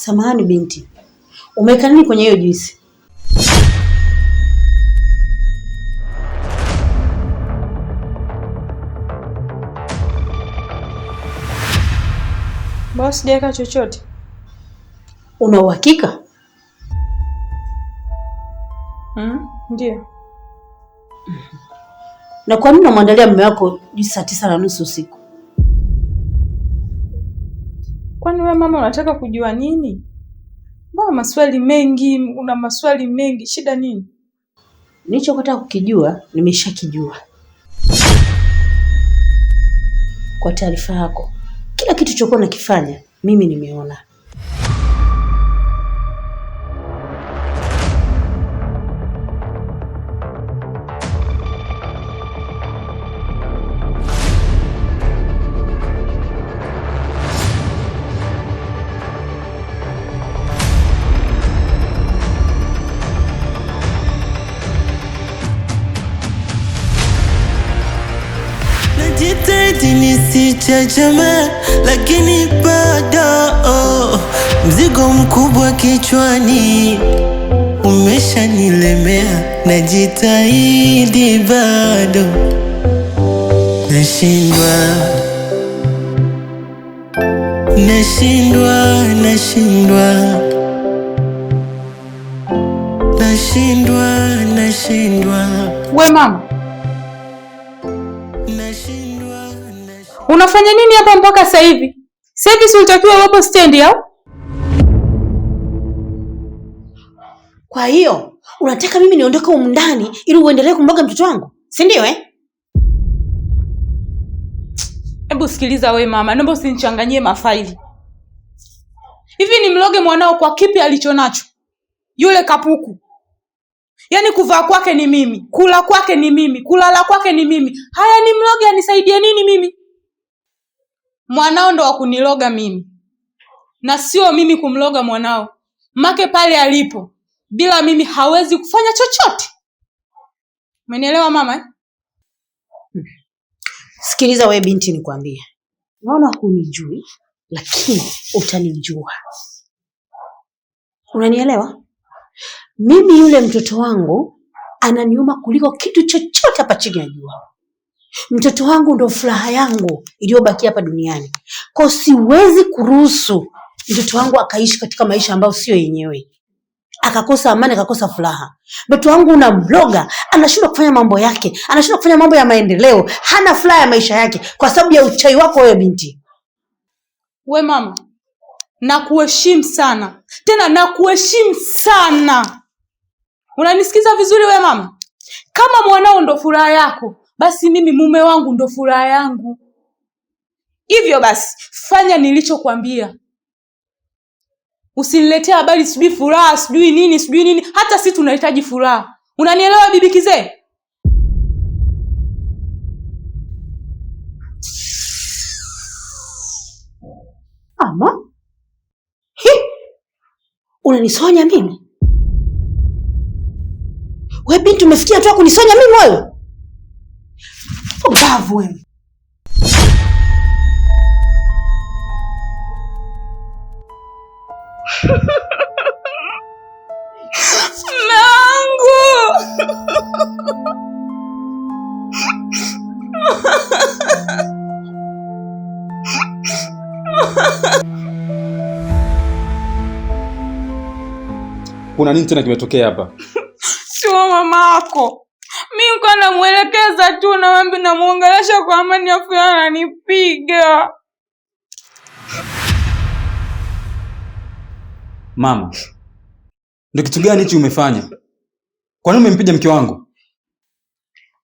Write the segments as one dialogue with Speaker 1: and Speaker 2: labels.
Speaker 1: Samahani binti, umeweka nini kwenye hiyo juisi?
Speaker 2: Mbona sijaweka chochote?
Speaker 1: Una uhakika?
Speaker 2: Hmm, ndio.
Speaker 1: Na kwa nini unamwandalia mume wako juisi saa tisa na nusu usiku?
Speaker 2: kwani wewe mama unataka kujua nini? Mbona maswali mengi, una maswali mengi, shida nini?
Speaker 1: Nilichokotaka kukijua nimeshakijua. Kwa taarifa yako, kila kitu chokuwa nakifanya mimi nimeona, najitahidi
Speaker 2: nisicha jamaa, lakini bado oh, mzigo mkubwa kichwani umeshanilemea. Najitahidi bado nashindwa, nashindwa, nashindwa nashindwa nashindwa. We mama Unafanya nini hapa mpaka sasa hivi? Sasa hivi si utakiwa uwepo stendi au?
Speaker 1: Kwa hiyo unataka mimi niondoke humu ndani ili uendelee kumboga mtoto wangu, si ndio eh?
Speaker 2: Hebu sikiliza we mama, naomba usinichanganyie mafaili. Hivi ni mloge mwanao kwa kipi alichonacho? Yule kapuku, yaani kuvaa kwake ni mimi, kula kwake ni mimi, kulala kwake ni mimi. Haya, ni mloge anisaidie nini mimi? mwanao ndo wakuniloga mimi na sio mimi kumloga mwanao. Make pale alipo bila mimi hawezi kufanya chochote. Umenielewa mama eh?
Speaker 1: Hmm. Sikiliza wewe binti, nikwambie, naona hunijui lakini utanijua. Unanielewa? Mimi yule mtoto wangu ananiuma kuliko kitu chochote hapa chini ya jua. Mtoto wangu ndo furaha yangu iliyobaki hapa duniani, kwa siwezi kuruhusu mtoto wangu akaishi katika maisha ambayo sio yenyewe, akakosa amani, akakosa furaha. Mtoto wangu una bloga, anashindwa kufanya mambo yake, anashindwa kufanya mambo ya maendeleo, hana furaha ya maisha yake kwa sababu ya uchai wako wewe, binti.
Speaker 2: We mama, nakuheshimu sana tena, nakuheshimu sana. Unanisikiza vizuri we mama? Kama mwanao ndo furaha yako basi mimi mume wangu ndo furaha yangu. Hivyo basi fanya nilichokwambia, usiniletee habari sijui furaha sijui nini sijui nini. Hata si tunahitaji furaha, unanielewa bibi kizee?
Speaker 1: Ama unanisonya mimi? We binti, umesikia tu kunisonya mimi wewe? upumbavu wewe.
Speaker 3: Kuna nini tena kimetokea hapa?
Speaker 2: Sio mama yako nilikuwa namwelekeza tu na namuongelesha kwa amani, afu ananipiga.
Speaker 3: Mama, ndio kitu gani hichi umefanya? Kwa nini umempiga mke wangu?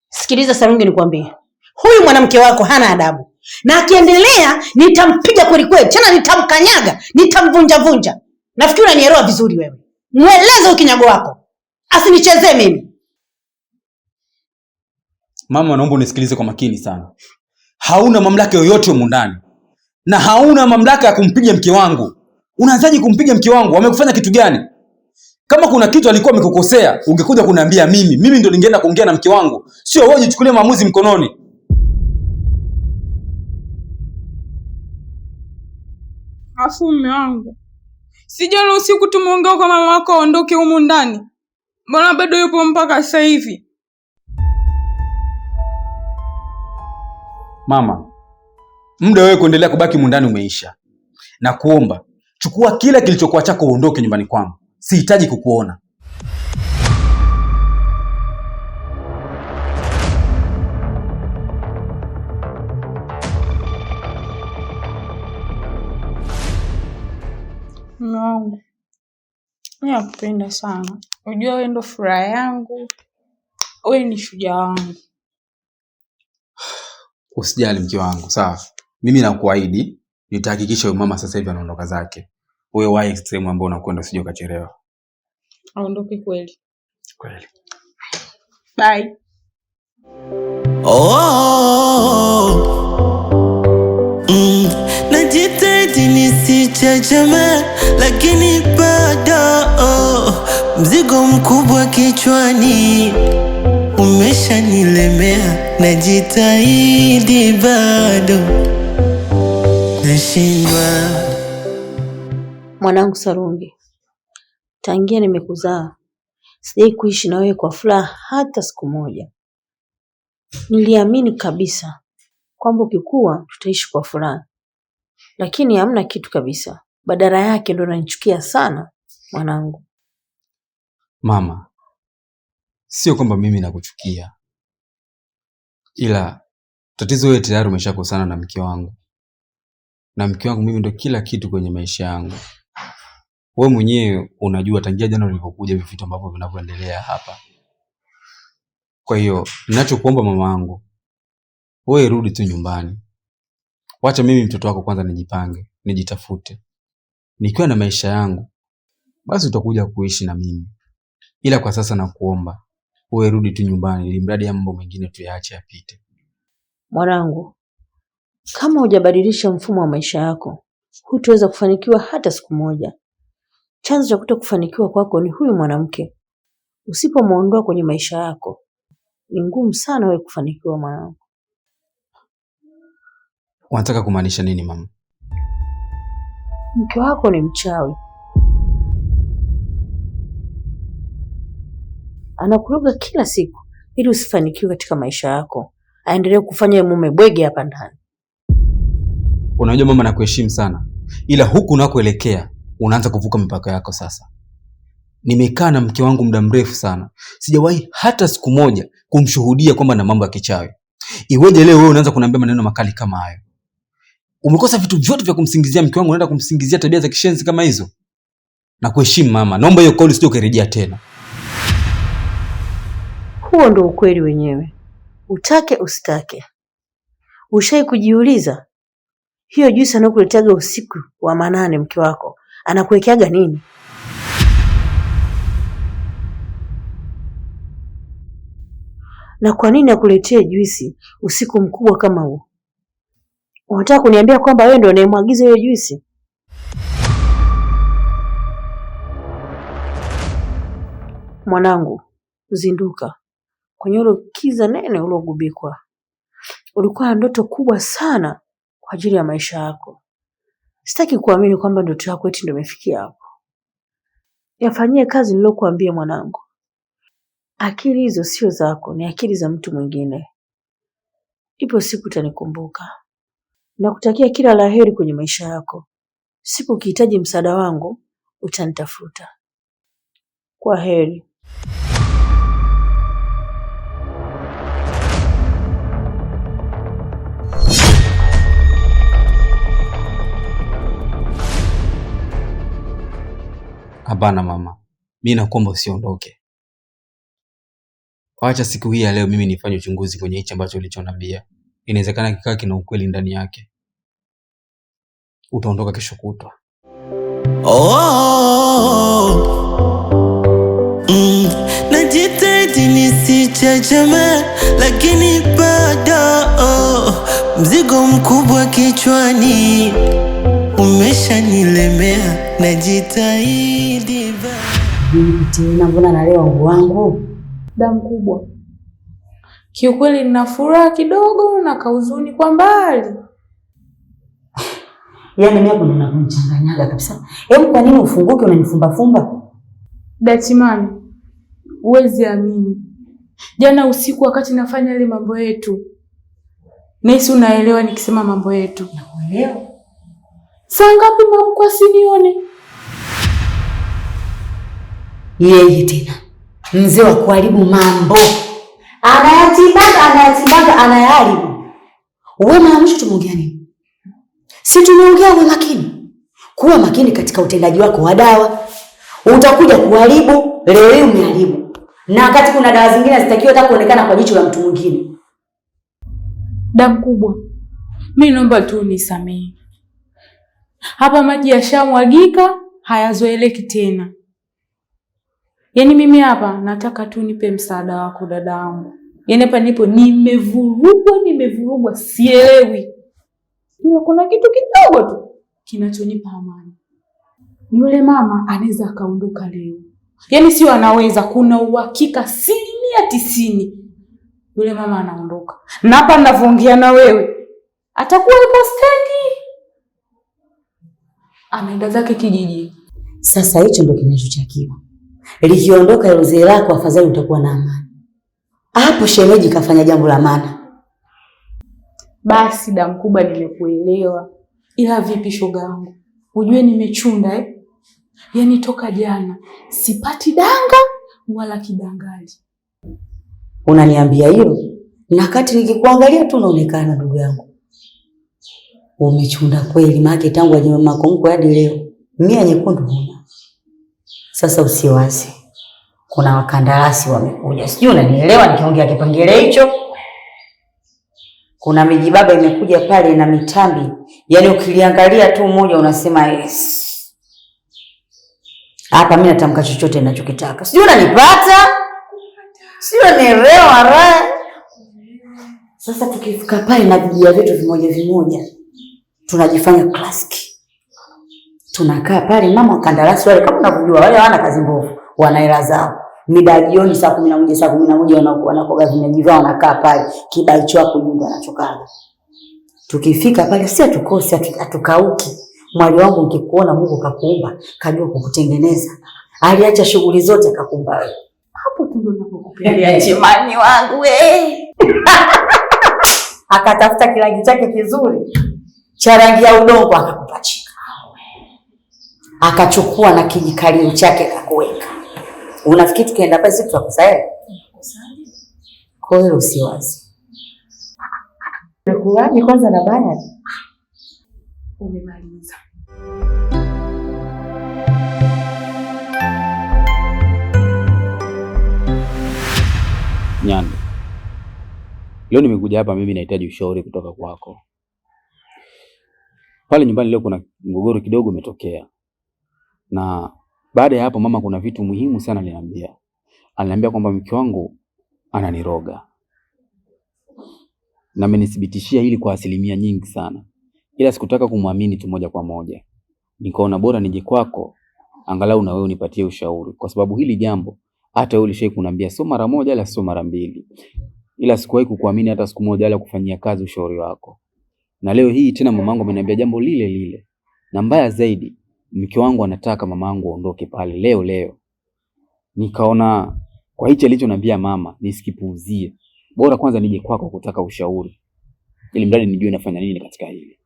Speaker 1: Sikiliza Sarungi, nikwambie, huyu mwanamke wako hana adabu, na akiendelea nitampiga kweli kweli, tena nitamkanyaga, nitamvunjavunja. Nafikiri unanielewa vizuri wewe. Mweleze ukinyago wako, asinichezee mimi.
Speaker 3: Mama, naomba unisikilize kwa makini sana. Hauna mamlaka yoyote humu ndani na hauna mamlaka ya kumpiga mke wangu. Unaanzaje kumpiga mke wangu? Amekufanya kitu gani? Kama kuna kitu alikuwa amekukosea, ungekuja kuniambia mimi. Mimi ndio ningeenda kuongea na mke wangu, sio wewe. Jichukulie maamuzi mkononi.
Speaker 2: Afu mume wangu, usiku tumeongea kwa mama wako aondoke humu ndani, mbona bado yupo mpaka sasa hivi?
Speaker 3: Mama, muda wewe kuendelea kubaki mundani umeisha, na kuomba chukua kila kilichokuwa chako uondoke nyumbani kwangu, sihitaji kukuona.
Speaker 2: Mungu, nakupenda sana. Unajua wewe ndo furaha yangu, wewe ni shujaa wangu
Speaker 3: usijali mke wangu, sawa? Mimi nakuahidi nitahakikisha huyo mama sasa hivi anaondoka zake. Huyo wa extreme ambao unakwenda usije ukachelewa.
Speaker 2: Aondoke kweli. Kweli. Bye. Oh, oh, oh. Mm, najitahidi lakini bado oh,
Speaker 1: mzigo mkubwa kichwani umeshanilemea najitahidi bado nashindwa. Mwanangu Sarungi, tangia nimekuzaa sijai kuishi na wewe kwa furaha hata siku moja. Niliamini kabisa kwamba ukikua tutaishi kwa furaha, lakini hamna kitu kabisa. Badala yake ndo nanichukia sana mwanangu.
Speaker 3: Mama, sio kwamba mimi nakuchukia, ila tatizo wewe tayari umeshakosana na mke wangu, na mke wangu mimi ndo kila kitu kwenye maisha yangu. Wewe mwenyewe unajua tangia jana ulivyokuja hivi vitu ambavyo vinavyoendelea hapa. Kwa hiyo ninachokuomba mama wangu, wewe rudi tu nyumbani, wacha mimi mtoto wako kwanza nijipange, nijitafute. Nikiwa na maisha yangu, basi utakuja kuishi na mimi, ila kwa sasa nakuomba wewe rudi tu nyumbani, ili mradi ya mambo mengine tuyaache yapite.
Speaker 1: Mwanangu, kama hujabadilisha mfumo wa maisha yako, hutaweza kufanikiwa hata siku moja. Chanzo cha kuto kufanikiwa kwako ni huyu mwanamke. Usipomuondoa kwenye maisha yako, ni ngumu sana wewe kufanikiwa mwanangu.
Speaker 3: Unataka kumaanisha nini mama?
Speaker 1: Mke wako ni mchawi anakuroga kila siku ili usifanikiwe katika maisha yako, aendelee kufanya mume bwege hapa ndani.
Speaker 3: Unajua mama, nakuheshimu sana, ila huku unakoelekea unaanza kuvuka mipaka yako sasa. Nimekaa na mke wangu muda mrefu sana, sijawahi hata siku moja kumshuhudia kwamba na mambo ya kichawi. Iweje leo wewe unaanza kuniambia maneno makali kama hayo? Umekosa vitu vyote vya kumsingizia mke wangu, unaenda kumsingizia tabia za kishenzi kama hizo? Nakuheshimu mama, naomba hiyo kauli sije ukairejea tena.
Speaker 1: Huo ndio ukweli wenyewe, utake usitake. Ushai kujiuliza hiyo juisi anayokuleteaga usiku wa manane mke wako anakuwekeaga nini? Na kwa nini akuletee juisi usiku mkubwa kama huo? Unataka kuniambia kwamba wewe ndio unayemwagiza hiyo juisi? Mwanangu, zinduka kwenye ule kiza nene uliogubikwa. Ulikuwa na ndoto kubwa sana kwa ajili ya maisha yako. Sitaki kuamini kwamba ndoto yako eti ndio imefikia hapo. Yafanyie kazi nilokuambia, mwanangu. Akili hizo sio zako, ni akili za mtu mwingine. Ipo siku utanikumbuka. Nakutakia kila laheri kwenye maisha yako. Siku ukihitaji msaada wangu utanitafuta. Kwa heri.
Speaker 3: Hapana mama, mi nakuomba usiondoke, wacha siku hii ya leo mimi nifanye uchunguzi kwenye hichi ambacho ulichonambia. Inawezekana kikaa kina ukweli ndani yake. Utaondoka kesho kutwa. Oh, mm, najitahidi nisicha jamaa, lakini
Speaker 1: bado oh, mzigo mkubwa kichwani umeshanilemea najitahidi tena, mbona nalewa nguo wangu
Speaker 2: da mkubwa? Kiukweli nina furaha kidogo na kauzuni kwa mbali,
Speaker 1: yaani mimi hapo ninakunchanganyaga kabisa. Hebu kwa nini ufunguke unanifumbafumba?
Speaker 2: Datimani, huwezi amini, jana usiku wakati nafanya ile mambo yetu, nahisi unaelewa nikisema mambo yetu. Naelewa. Saa ngapi Mamkwasi sinione?
Speaker 1: yeye tena? Mzee wa kuharibu mambo anayatibaga, anayatibaga, anayaharibu. Wewe mara mwisho tumeongea nini? Si tumeongea uwe makini, kuwa makini katika utendaji wako wa dawa. Utakuja kuharibu, leo hii umeharibu, na wakati kuna dawa zingine zitakiwa hata kuonekana kwa jicho la mtu mwingine.
Speaker 2: Damu kubwa, mimi naomba tu nisamehe hapa maji yashamwagika, hayazoeleki tena. Yaani mimi hapa nataka tu nipe msaada wako dada wangu. Yaani hapa nipo nimevurugwa, nimevurugwa sielewi, kuna kitu kidogo tu kinachonipa amani. Yule mama anaweza akaondoka leo, yaani sio anaweza, kuna uhakika asilimia tisini yule mama anaondoka, na hapa ninavyoongea na wewe atakuwa yupo stendi ameenda zake kijiji
Speaker 1: Sasa hicho ndio kinachotakiwa. Likiondoka ile zee lako, afadhali utakuwa na amani. Hapo shemeji kafanya jambo la maana.
Speaker 2: Basi da mkubwa, nimekuelewa, ila vipi shoga yangu, ujue nimechunda eh? Yaani toka jana sipati danga wala kidangaji
Speaker 1: Unaniambia hilo na kati nikikuangalia tu unaonekana, ndugu yangu umechunda kweli, maana tangu ajima makonko hadi leo mia nyekundu huna. Sasa usiwasi, kuna wakandarasi wamekuja, sijui unanielewa nikiongea kipengele hicho. Kuna mijibaba imekuja pale na mitambi, yaani ukiliangalia tu mmoja unasema yes. Hapa mimi natamka chochote ninachokitaka, sijui unanipata, sijui unanielewa raha. Sasa tukifika pale na vijia vyetu vimoja vimoja tunajifanya klasiki, tunakaa pale mama kandarasi wale, kama unavyojua wale wana kazi mbovu, wana hela zao mida jioni saa kumi na moja saa kumi na moja wanakoga vinywaji vyao, wanakaa pale kibai chao kujunga anachokaa. Tukifika pale si atukose, atukauki. Mwali wangu ukikuona Mungu kakuumba, kajua kukutengeneza, aliacha shughuli zote akakumba wewe. Hapo tu ndio nakukupilia chemani wangu eh, akatafuta kilangi chake kizuri cha rangi ya udongo, akakupachika, akachukua na kijikalio chake akakuweka. Unafikiri tukienda pale sisi tutakusahau? Kwa hiyo usiwazi Umekuwaje kwanza na baya? Umemaliza.
Speaker 3: Nyani, Leo nimekuja hapa mimi nahitaji ushauri kutoka kwako. Pale nyumbani leo kuna mgogoro kidogo umetokea, na baada ya hapo mama, kuna vitu muhimu sana aliniambia. Aliniambia kwamba mke wangu ananiroga na amenithibitishia hili kwa asilimia nyingi sana, ila sikutaka kumwamini tu moja kwa moja. Nikaona bora nije kwako, angalau na wewe unipatie ushauri, kwa sababu hili jambo hata wewe ulishai kuniambia, sio mara moja, ila sio mara mbili, ila sikuwahi kukuamini hata siku moja, ila kufanyia kazi ushauri wako na leo hii tena mamangu ameniambia jambo lile lile, na mbaya zaidi, mke wangu anataka mamangu aondoke pale leo leo. Nikaona kwa hichi alichoniambia mama nisikipuuzie, bora kwanza nije kwako kutaka ushauri, ili mradi nijue nafanya nini katika hili.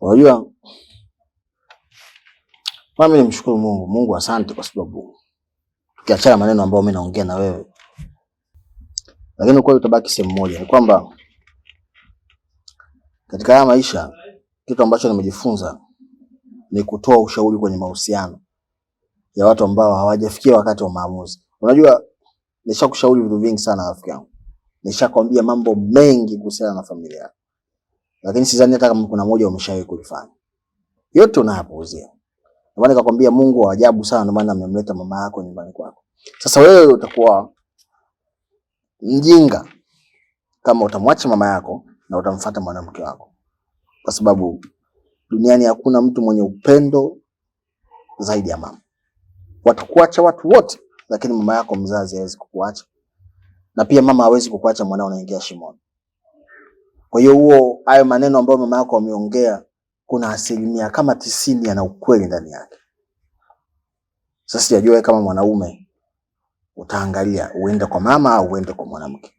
Speaker 4: Unajua mimi nimshukuru Mungu. Mungu asante, kwa sababu tukiachana maneno ambayo mimi naongea na wewe, lakini hiyo utabaki sehemu moja, ni kwamba katika haya maisha, kitu ambacho nimejifunza ni kutoa ushauri kwenye mahusiano ya watu ambao hawajafikia wakati wa maamuzi. Unajua, nishakushauri vitu vingi sana rafiki yangu, nishakwambia mambo mengi kuhusiana na familia yako, lakini sidhani hata kama kuna moja umeshawahi kulifanya. Yote unayapuuzia. Ndio maana nikakwambia Mungu wa ajabu sana, ndio maana amemleta mama yako nyumbani kwako. Sasa wewe utakuwa mjinga kama utamwacha mama yako na utamfuata mwanamke wako, kwa sababu duniani hakuna mtu mwenye upendo zaidi ya mama. Watakuacha watu wote, lakini mama yako mzazi hawezi kukuacha, na pia mama hawezi kukuacha mwanao anaingia shimoni. Kwa hiyo huo, hayo maneno ambayo mama yako ameongea, kuna asilimia kama tisini yana ukweli ndani yake. Sasa sijajua kama mwanaume utaangalia uende kwa mama au uende kwa mwanamke.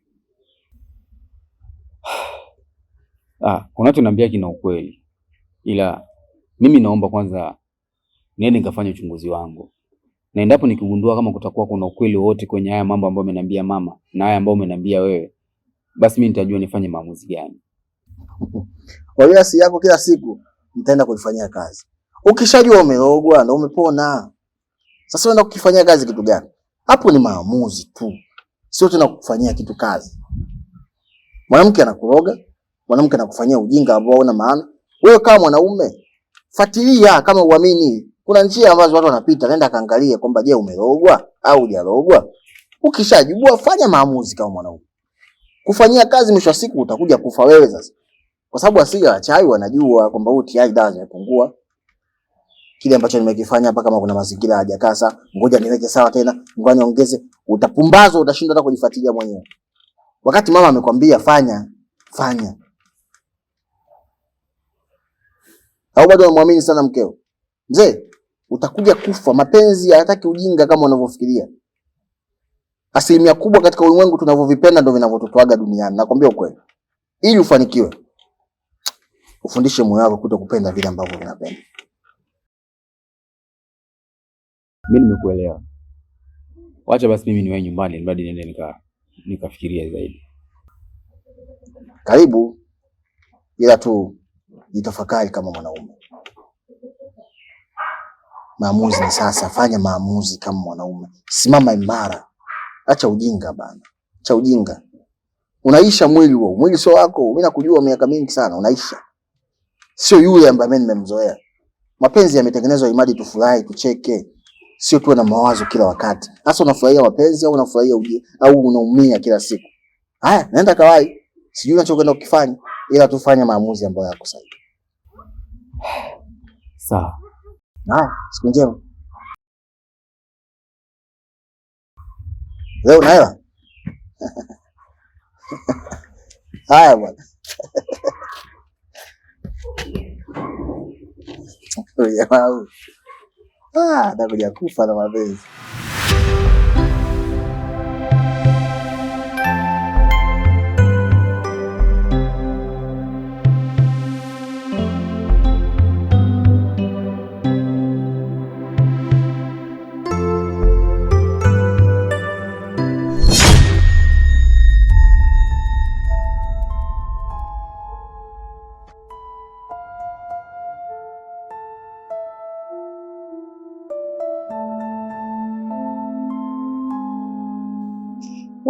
Speaker 3: Ah, unachoniambia kina ukweli, ila mimi naomba kwanza niende nikafanye uchunguzi wangu, na endapo nikigundua kama kutakuwa kuna ukweli wote kwenye haya mambo ambayo ameniambia mama na haya ambayo umeniambia wewe, basi mimi nitajua nifanye maamuzi gani.
Speaker 4: Kwa hiyo asi yako kila siku nitaenda kuifanyia kazi. Ukishajua umerogwa na umepona, sasa unaenda kukifanyia kazi kitu gani? Hapo ni maamuzi tu, sio tena kukufanyia kitu kazi. Mwanamke anakuroga mwanamke anakufanyia ujinga ambao hauna maana, wewe kama mwanaume fuatilia. Kama uamini, kuna njia ambazo watu wanapita, nenda kaangalie kwamba je, umerogwa au hujarogwa. Ukishajibua fanya maamuzi kama mwanaume. Kufanyia kazi, mwisho wa siku utakuja kufa wewe sasa, kwa sababu asili ya chai wanajua kwamba huu tayari dawa zimepungua kile ambacho nimekifanya hapa, kama kuna mazingira hajakasa, ngoja niweke sawa tena, ngoja niongeze. Utapumbazwa, utashindwa hata kujifuatilia mwenyewe, wakati mama amekwambia fanya fanya. Au bado unamwamini sana mkeo? Mzee, utakuja kufa. Mapenzi hayataki ujinga kama unavyofikiria. Asilimia kubwa katika ulimwengu tunavyovipenda ndio vinavyototoaga duniani. Nakwambia ukweli. Ili ufanikiwe, ufundishe moyo wako kupenda vile ambavyo vinapenda.
Speaker 3: Mimi nimekuelewa. Wacha basi mimi niwe nyumbani ili niende nika nikafikiria zaidi.
Speaker 4: Karibu. Ila tu jitafakari kama mwanaume. Maamuzi ni sasa, fanya maamuzi kama mwanaume, simama imara, acha ujinga bana, acha ujinga. Unaisha mwili huo, mwili sio wako. Mimi nakujua miaka mingi sana, unaisha, sio yule ambaye mimi nimemzoea. Mapenzi yametengenezwa imadi, tufurahi, tucheke, sio tuwe na mawazo kila wakati. Sasa unafurahia mapenzi au unafurahia au unaumia kila siku? Haya, naenda kawai, sijui unachokwenda kukifanya, ila tufanya maamuzi ambayo yako sahihi.
Speaker 3: Sawa.
Speaker 4: haya siku njema. Leo una hela? Haya bwana. Jamaa Ah, nakuja kufa na mapenzi.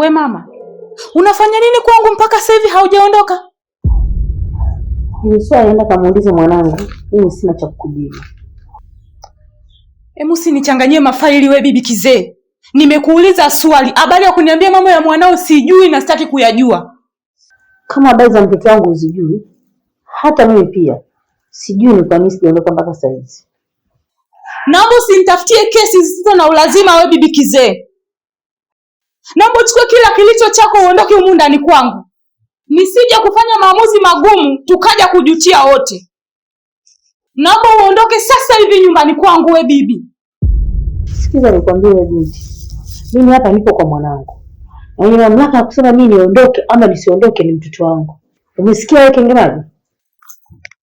Speaker 2: We mama, unafanya nini kwangu mpaka sasa hivi haujaondoka?
Speaker 1: Nishaenda kamuulize mwanangu, mimi sina cha kukujibu.
Speaker 2: Hebu nichanganyie mafaili we bibi kizee. Nimekuuliza swali, habari ya kuniambia mambo ya mwanao sijui na sitaki kuyajua.
Speaker 1: Kama habari za mtoto wangu uzijui, hata mimi pia sijui ni kwa nini sijaondoka mpaka sasa hivi.
Speaker 2: Naomba usinitafutie kesi zisizo na ulazima we bibi kizee. Naomba uchukue kila kilicho chako uondoke humu ndani kwangu, nisije kufanya maamuzi magumu tukaja kujutia wote. Naomba uondoke sasa hivi nyumbani kwangu, we bibi.
Speaker 1: Sikiza nikwambie, we bibi, mimi hapa nipo kwa mwanangu, na mwenye mamlaka ya kusema mimi niondoke ama nisiondoke ni mtoto wangu. Umesikia wewe, Kengemaji?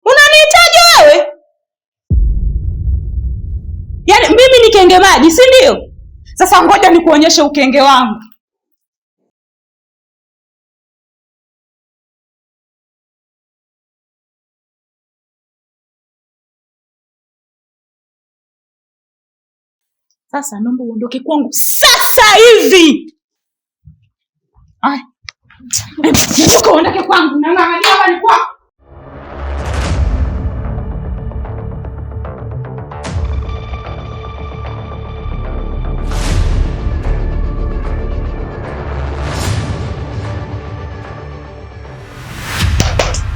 Speaker 2: Unanihitaji wewe? Yaani mimi ni kenge maji, si ndio? Sasa ngoja nikuonyeshe ukenge wangu. Sasa naomba uondoke kwangu sasa hivi. Haya. Ndoka uondoke kwangu na maana hapa ni kwako.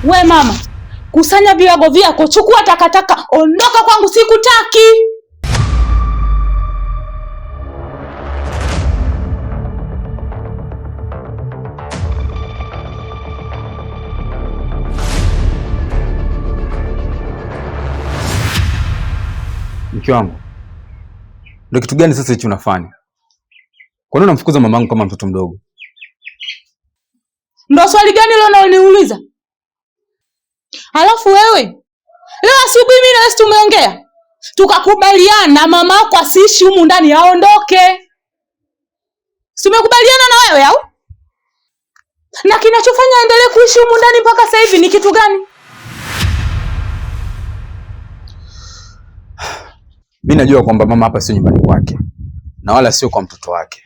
Speaker 2: We mama, kusanya viwago vyako, chukua takataka, ondoka kwangu, sikutaki.
Speaker 3: mke wangu, ndio kitu gani sasa hichi unafanya? Kwa nini unamfukuza mamangu kama mtoto mdogo?
Speaker 2: Ndio swali gani leo unaloniuliza? Alafu wewe leo asubuhi mimi na wewe tumeongea tukakubaliana, mama yako asiishi humu ndani, aondoke. Tumekubaliana na wewe au? Na kinachofanya aendelee kuishi humu ndani mpaka sasa hivi ni kitu gani?
Speaker 3: Mi najua kwamba mama hapa sio nyumbani kwake na wala sio kwa mtoto wake,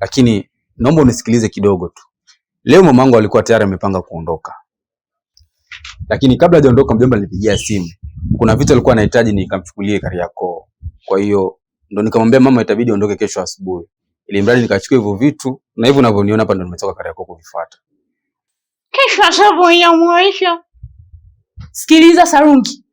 Speaker 3: lakini naomba unisikilize kidogo tu. Leo mamangu alikuwa tayari amepanga kuondoka, lakini kabla hajaondoka, mjomba alinipigia simu, kuna vitu alikuwa anahitaji nikamchukulie Kariakoo. Kwa hiyo ndo nikamwambia mama itabidi aondoke kesho asubuhi, ili mradi nikachukua hivyo vitu, na hivyo unavyoniona hapa ndo nimetoka Kariakoo kuvifuata.
Speaker 2: Kesho asubuhi ya mwisho. Sikiliza Sarungi,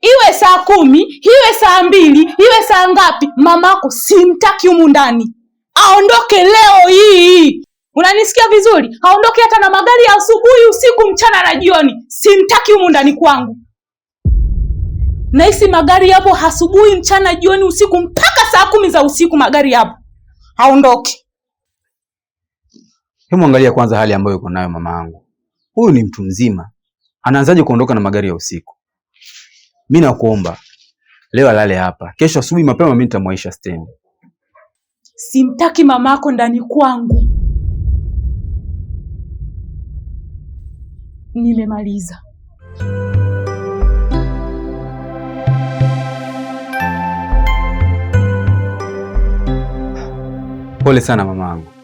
Speaker 2: iwe saa kumi iwe saa mbili iwe saa ngapi, mamako simtaki humu ndani, aondoke leo hii. Unanisikia vizuri? Aondoke hata na magari ya asubuhi, usiku, mchana na jioni, simtaki humu ndani kwangu. Nahisi magari yapo asubuhi, mchana, jioni, usiku, mpaka saa kumi za usiku magari yapo, aondoke.
Speaker 3: Hebu angalia kwanza hali ambayo uko nayo mama yangu. Huyu ni mtu mzima, anaanzaje kuondoka na magari ya usiku? mi nakuomba leo alale hapa, kesho asubuhi mapema mimi nitamwaisha stendi.
Speaker 2: Simtaki mamako ndani kwangu. Nimemaliza.
Speaker 3: Pole sana mamangu.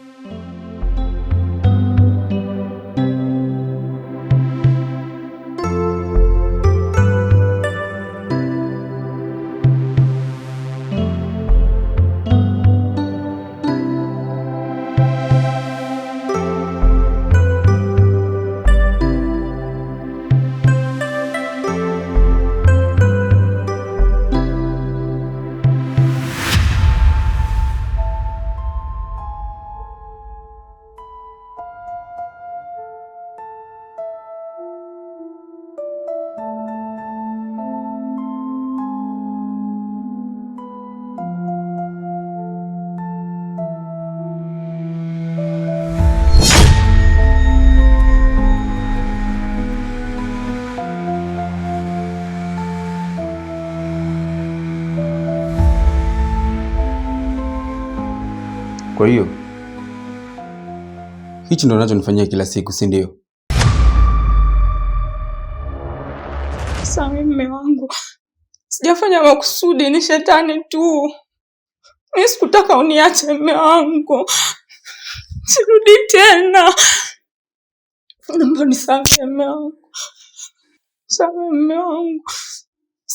Speaker 3: hiyo hichi ndo nachonifanyia kila siku, si ndio?
Speaker 2: Sami, mme wangu, sijafanya makusudi, ni shetani tu. Mi sikutaka uniache mme wangu, sirudi tena. Naomba nisamehe mme wangu, samehe mme wangu.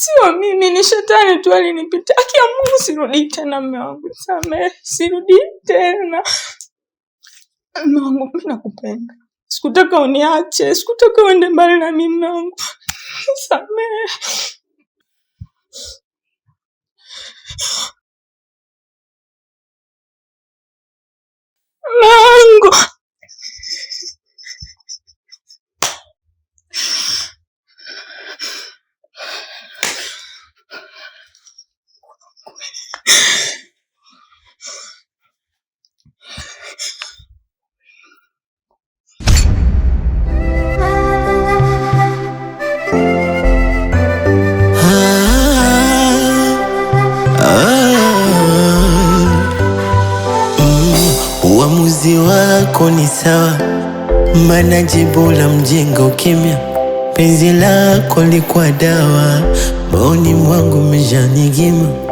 Speaker 2: Sio mimi, ni shetani tu alinipita. Haki ya Mungu, sirudi tena mme wangu, samehe, sirudi tena mme wangu. Mi nakupenda, sikutaka uniache, sikutaka uende mbali na mimi. Mme wangu, samehe. Mme wangu
Speaker 5: ni sawa, mana jibu la mjengo ukimya, penzi lako likuwa dawa, moyoni mwangu mejanigima gima